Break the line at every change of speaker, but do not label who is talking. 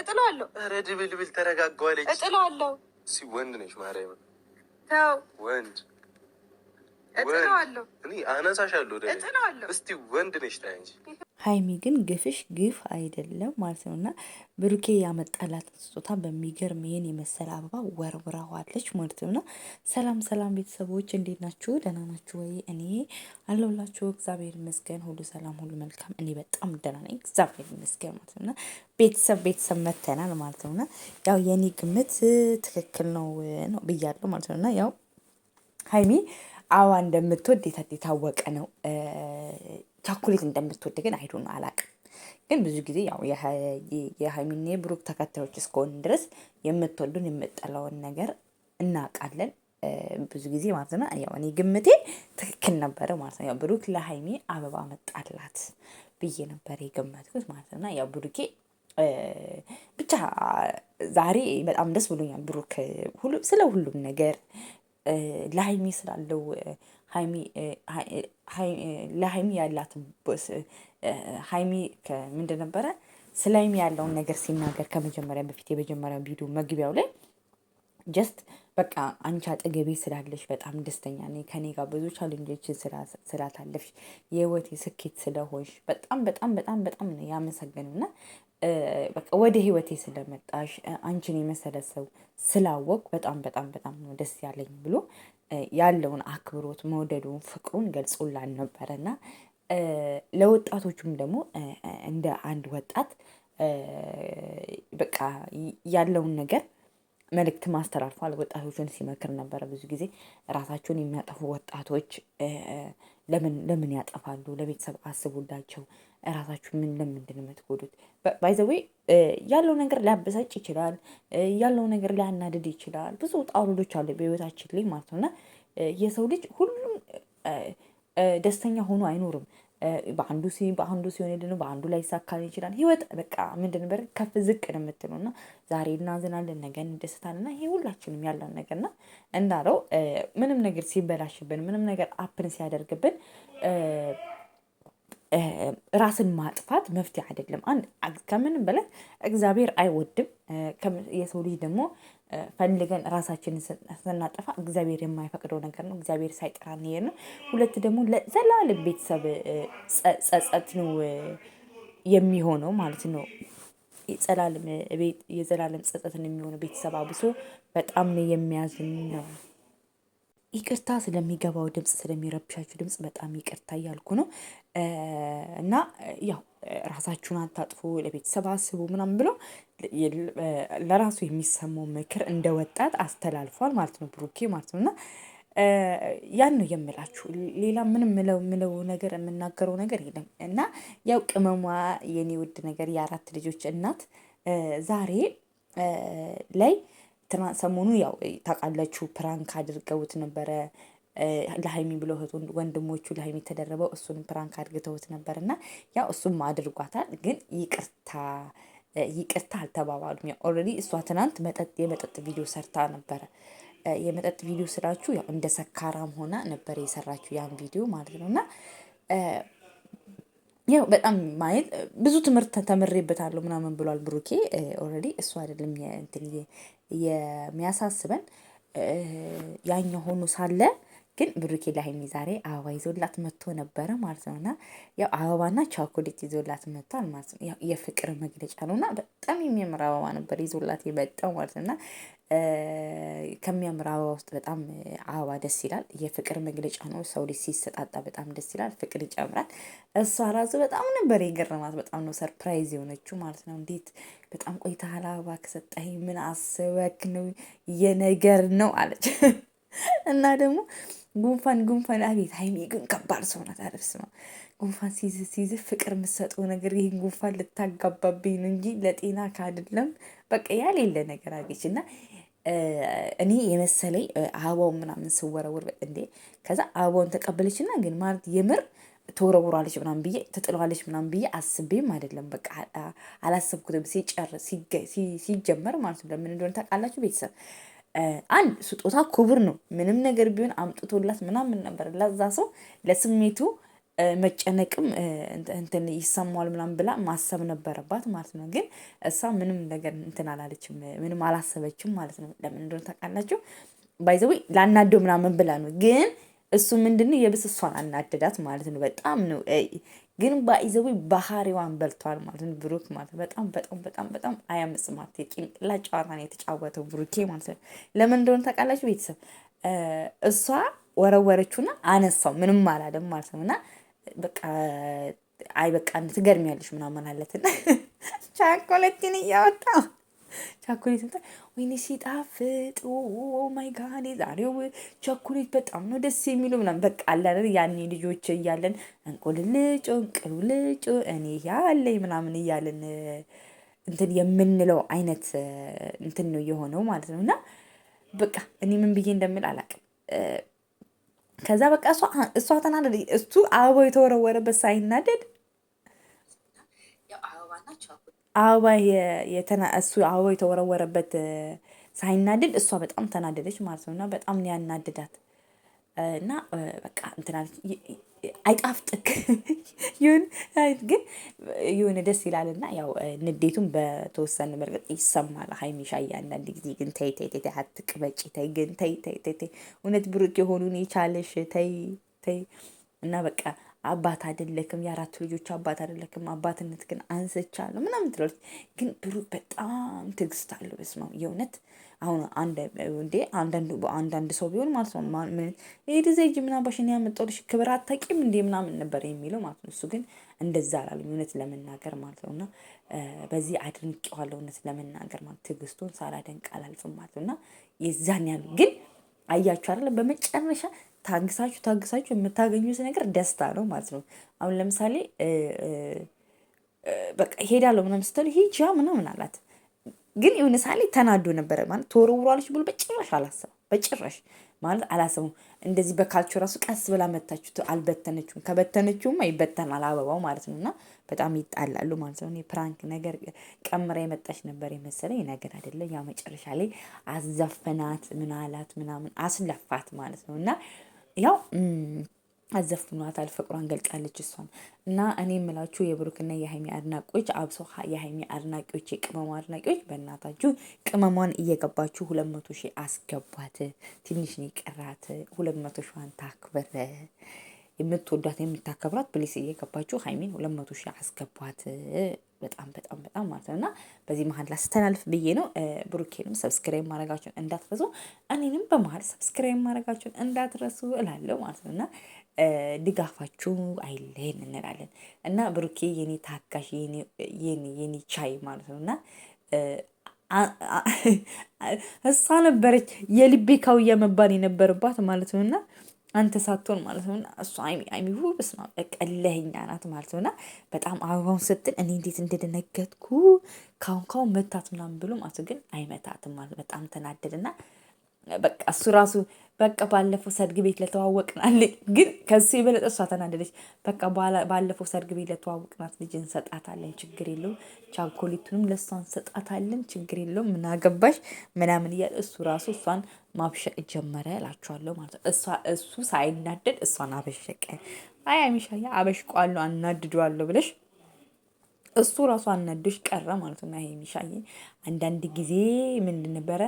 እጥለዋለሁ።
ኧረ ድብልብል ተረጋጋዋለች። እጥለዋለሁ። ወንድ ነች ማርያም ተው ወንድ
እጥለዋለሁ።
እኔ አነሳሻለሁ። እስቲ ወንድ ነች ታይ እንጂ
ሀይሚ ግን ግፍሽ ግፍ አይደለም ማለት ነው። እና ብሩኬ ያመጣላት ስጦታ በሚገርም ይሄን የመሰለ አበባ ወርውራዋለች ማለት ነው። እና ሰላም ሰላም ቤተሰቦች እንዴት ናችሁ? ደህና ናችሁ ወይ? እኔ አለሁላችሁ። እግዚአብሔር ይመስገን፣ ሁሉ ሰላም፣ ሁሉ መልካም። እኔ በጣም ደህና ነኝ፣ እግዚአብሔር ይመስገን ማለት ነው። እና ቤተሰብ ቤተሰብ መተናል ማለት ነው። እና ያው የኔ ግምት ትክክል ነው ነው ብያለሁ ማለት ነው። እና ያው ሀይሚ አበባ እንደምትወድ የታወቀ ነው ቻኮሌት እንደምትወድ ግን አይዱ ነው አላቅም። ግን ብዙ ጊዜ ያው የሀይሚና የብሩክ ተከታዮች እስከሆን ድረስ የምትወዱን የምጠላውን ነገር እናውቃለን። ብዙ ጊዜ ማለት ነው ያው እኔ ግምቴ ትክክል ነበረ ማለት ነው። ያው ብሩክ ለሀይሚ አበባ መጣላት ብዬ ነበር የገመትኩት ማለት ነው። ያው ብሩኬ ብቻ ዛሬ በጣም ደስ ብሎኛል። ብሩክ ስለ ሁሉም ነገር ለሀይሚ ስላለው ለሀይሚ ያላት ሀይሚ ምንድን ነበረ ስለ ሀይሚ ያለውን ነገር ሲናገር ከመጀመሪያ በፊት የመጀመሪያ ቪዲዮ መግቢያው ላይ ጀስት በቃ አንቺ አጠገቤ ስላለሽ በጣም ደስተኛ ነኝ። ከኔ ጋር ብዙ ቻሌንጆችን ስላታለፍሽ የህይወቴ ስኬት ስለሆንሽ በጣም በጣም በጣም በጣም ነው ያመሰገንና በቃ ወደ ህይወቴ ስለመጣሽ አንቺን የመሰለ ሰው ስላወቅ በጣም በጣም በጣም ነው ደስ ያለኝ ብሎ ያለውን አክብሮት መውደዱን ፍቅሩን ገልጾላን ነበረ እና ለወጣቶቹም ደግሞ እንደ አንድ ወጣት በቃ ያለውን ነገር መልእክት አስተላልፏል። ወጣቶችን ሲመክር ነበረ። ብዙ ጊዜ ራሳቸውን የሚያጠፉ ወጣቶች ለምን ለምን ያጠፋሉ? ለቤተሰብ አስቡላቸው። ራሳችሁ ምን ለምንድን የምትጎዱት? ባይዘዌ ያለው ነገር ሊያበሳጭ ይችላል። ያለው ነገር ሊያናድድ ይችላል። ብዙ ውጣ ውረዶች አሉ በህይወታችን ላይ ማለት ነው እና የሰው ልጅ ሁሉም ደስተኛ ሆኖ አይኖርም። በአንዱ በአንዱ ሲሆን ደግሞ በአንዱ ላይ ይሳካል ይችላል። ህይወት በቃ ምንድን በር ከፍ ዝቅ ነው የምትለው እና ዛሬ እናዝናለን፣ ነገ እንደስታለን እና ይሄ ሁላችንም ያለን ነገርና እንዳለው ምንም ነገር ሲበላሽብን፣ ምንም ነገር አፕን ሲያደርግብን ራስን ማጥፋት መፍትሄ አይደለም። አንድ ከምንም በላይ እግዚአብሔር አይወድም የሰው ልጅ ደግሞ ፈልገን ራሳችንን ስናጠፋ እግዚአብሔር የማይፈቅደው ነገር ነው። እግዚአብሔር ሳይጠራ ይሄድ ነው። ሁለት ደግሞ ለዘላለም ቤተሰብ ጸጸት ነው የሚሆነው ማለት ነው። የዘላለም ጸጸት ነው የሚሆነው ቤተሰብ አብሶ በጣም ነው የሚያዝን ነው። ይቅርታ ስለሚገባው ድምፅ ስለሚረብሻችሁ ድምፅ በጣም ይቅርታ እያልኩ ነው። እና ያው ራሳችሁን አታጥፉ፣ ለቤተሰብ አስቡ ምናምን ብሎ ለራሱ የሚሰማው ምክር እንደ ወጣት አስተላልፏል ማለት ነው ብሩኬ ማለት ነው። እና ያን ነው የምላችሁ። ሌላ ምንም ምለው ነገር የምናገረው ነገር የለም። እና ያው ቅመሟ የኔ ውድ ነገር የአራት ልጆች እናት ዛሬ ላይ ሰሞኑ ያው ታውቃላችሁ ፕራንክ አድርገውት ነበረ ለሀይሚ ብሎ ወንድሞቹ ለሀይሚ ተደረበው እሱን ፕራንክ አድርገውት ነበር እና ያው እሱም አድርጓታል። ግን ይቅርታ ይቅርታ አልተባባሉም። ያው ኦልሬዲ እሷ ትናንት መጠጥ የመጠጥ ቪዲዮ ሰርታ ነበረ። የመጠጥ ቪዲዮ ስራችሁ ያው እንደ ሰካራም ሆና ነበር የሰራችሁ ያን ቪዲዮ ማለት ነው እና ያው በጣም ማየት ብዙ ትምህርት ተምሬበታለሁ ምናምን ብሏል ብሩኬ። ኦልሬዲ እሱ አይደለም እንትን የሚያሳስበን ያኛው ሆኖ ሳለ ግን ብሩኬ ለሀይሚ ዛሬ አበባ ይዞላት መጥቶ ነበረ ማለት ነው። እና ያው አበባና ቻኮሌት ይዞላት መጥቷል ማለት ነው። የፍቅር መግለጫ ነው እና በጣም የሚያምር አበባ ነበር ይዞላት የመጣው ማለት ነው እና ከሚያምር አበባ ውስጥ በጣም አበባ ደስ ይላል። የፍቅር መግለጫ ነው። ሰው ልጅ ሲሰጣጣ በጣም ደስ ይላል፣ ፍቅር ይጨምራል። እሷ ራሱ በጣም ነበር የገረማት። በጣም ነው ሰርፕራይዝ የሆነችው ማለት ነው። እንዴት በጣም ቆይተሃል አበባ ከሰጠኸኝ፣ ምን አስበክ ነው የነገር ነው አለች እና ደግሞ ጉንፋን ጉንፋን አቤት ሀይሜ ግን ከባድ ሰው ናት። አረብስ ነው ጉንፋን ሲዝ ሲዝ ፍቅር የምትሰጠው ነገር ይህን ጉንፋን ልታጋባብኝ ነው እንጂ ለጤና ካደለም በቃ ያሌለ ነገር አገች እና እኔ የመሰለኝ አበባውን ምናምን ስወረውር እንዴ ከዛ አበባውን ተቀበለችና ግን ማለት የምር ተወረውራለች ምናምን ብዬ ትጥለዋለች ምናምን ብዬ አስቤም አይደለም። በቃ አላሰብኩትም። ሲጨር ሲጀመር ማለት ነው። ለምን እንደሆነ ታውቃላችሁ ቤተሰብ? አንድ ስጦታ ክቡር ነው። ምንም ነገር ቢሆን አምጥቶላት ምናምን ነበር ለዛ ሰው ለስሜቱ መጨነቅም እንትን ይሰማዋል ምናምን ብላ ማሰብ ነበረባት ማለት ነው። ግን እሷ ምንም ነገር እንትን አላለችም፣ ምንም አላሰበችም ማለት ነው። ለምን እንደሆነ ታውቃላችሁ? ባይዘዊ ላናደው ምናምን ብላ ነው። ግን እሱ ምንድን ነው የብስ እሷን አናደዳት ማለት ነው። በጣም ነው ግን ባይዘዊ ባህሪዋን በልቷል ማለት ነው። ብሩክ ማለት ነው በጣም በጣም በጣም በጣም አያምጽማት የጭንቅላት ጨዋታ ነው የተጫወተው ብሩኬ ማለት ነው። ለምን እንደሆነ ታውቃላችሁ? ቤተሰብ እሷ ወረወረችውና አነሳው ምንም አላለም ማለት ነው እና በቃ አይ በቃ ትገርሚያለሽ ምናምን አለትና ቻኮሌትን እያወጣ ቻኮሌት እንትን ወይኔ ሲጣፍጥ ማይ ጋድ ዛሬው ቻኮሌት በጣም ነው ደስ የሚሉ ምናምን በቃ አለን ያኔ ልጆች እያለን እንቁልልጮ እንቅሩልጮ እኔ ያለኝ ምናምን እያለን እንትን የምንለው አይነት እንትን ነው የሆነው ማለት ነው። እና በቃ እኔ ምን ብዬ እንደምል አላውቅም። ከዛ በቃ እሷ ተናደደ። እሱ አበባው የተወረወረበት ሳይናደድ አበባ እሱ አበባው የተወረወረበት ሳይናደድ እሷ በጣም ተናደደች ማለት ነው። እና በጣም ያናደዳት እና በቃ እንትና አይጣፍጥክ ይሁን ግን ይሁን ደስ ይላል እና ያው ንዴቱን በተወሰነ መርገጥ ይሰማል። ሀይሚሻ እያንዳንድ ጊዜ ግን ተይ ተይ ተይ አትቅበጪ ተይ ግን ተይ ተይ ተይ እውነት ብሩቅ የሆኑን የቻለሽ ተይ ተይ እና በቃ አባት አይደለክም፣ የአራቱ ልጆች አባት አይደለክም፣ አባትነት ግን አንስቻለሁ ምናምን ትላለች። ግን ብሩክ በጣም ትዕግስት አለው። በስመ አብ የእውነት አሁን እንዴ አንዳንድ ሰው ቢሆን ማለት ነው ይህ ዘይ ምናባሽ እኔ ያመጣሁልሽ ክብር አታውቂም እንዴ ምናምን ነበር የሚለው ማለት ነው። እሱ ግን እንደዛ አላለም እውነት ለመናገር ማለት ነው። እና በዚህ አድንቄዋለሁ እውነት ለመናገር ማለት ትዕግስቱን ሳላደንቅ አላልፍም ማለት ነው። እና የዛን ያሉ ግን አያችሁ አይደለም በመጨረሻ ታግሳችሁ ታግሳችሁ የምታገኙት ነገር ደስታ ነው ማለት ነው። አሁን ለምሳሌ በቃ ይሄዳለሁ ምናምን ስትል ሂጃ ምናምን አላት። ግን የሆነ ሳሌ ተናዶ ነበረ ማለት ተወረውሯለች ብሎ በጭራሽ አላሰብ በጭራሽ ማለት አላሰቡም። እንደዚህ በካልቾ ራሱ ቀስ ብላ መታችሁ አልበተነችውም። ከበተነችውም ይበተናል አበባው ማለት ነው። እና በጣም ይጣላሉ ማለት ነው። ፕራንክ ነገር ቀምራ የመጣች ነበር የመሰለኝ ነገር አይደለ። ያ መጨረሻ ላይ አዘፈናት ምናላት ምናምን አስለፋት ማለት ነው እና ያው አዘፍኗታል ፍቅሯን ገልጻለች። እሷም እና እኔ የምላችሁ የብሩክና የሀይሚ አድናቂዎች አብሶ የሀይሚ አድናቂዎች የቅመሙ አድናቂዎች በእናታችሁ ቅመሟን እየገባችሁ ሁለት መቶ ሺህ አስገቧት። ትንሽ ነው የቀራት። ሁለት መቶ ሺዋን ታክብር። የምትወዷት የምታከብሯት ፕሊስ እየገባችሁ ሀይሚን ሁለት መቶ ሺህ አስገቧት። በጣም በጣም በጣም ማለት ነው። እና በዚህ መሀል ላስተላልፍ ብዬ ነው። ብሩኬንም ሰብስክራይብ ማድረጋችሁን እንዳትረሱ፣ እኔንም በመሀል ሰብስክራይብ ማድረጋችሁን እንዳትረሱ እላለሁ ማለት ነው እና ድጋፋችሁ አይለን እንላለን እና ብሩኬ የኔ ታጋሽ የኔ ቻይ ማለት ነው እና እሷ ነበረች የልቤ ካውያ መባል የነበረባት ማለት ነው እና አንተ ሳትሆን ማለት ነው። እሱ አይሚ ውብስ ነው ቀለህኛ ናት ማለት ነው። እና በጣም አበባውን ስትል እኔ እንዴት እንደደነገጥኩ ካሁን ካሁን መታት ምናምን ብሎ ማለት ግን አይመታትም ማለት በጣም ተናደድና በቃ እሱ ራሱ በቃ ባለፈው ሰርግ ቤት ለተዋወቅናት ግን ከሱ የበለጠ እሷ ተናደደች። በቃ ባለፈው ሰርግ ቤት ለተዋወቅናት ልጅ እንሰጣታለን፣ ችግር የለውም። ቻኮሌቱንም ለእሷ እንሰጣታለን፣ ችግር የለውም። ምናገባሽ ምናምን እያለ እሱ ራሱ እሷን ማብሸቅ ጀመረ። እላችኋለሁ ማለት ነው። እሱ ሳይናደድ እሷን አበሸቀ። አይ አይሚሻያ አበሽቋለሁ፣ አናድዷለሁ ብለሽ እሱ ራሱ አናዶሽ ቀረ ማለት ነው። ይሄ ሚሻዬ አንዳንድ ጊዜ ምንድን ነበረ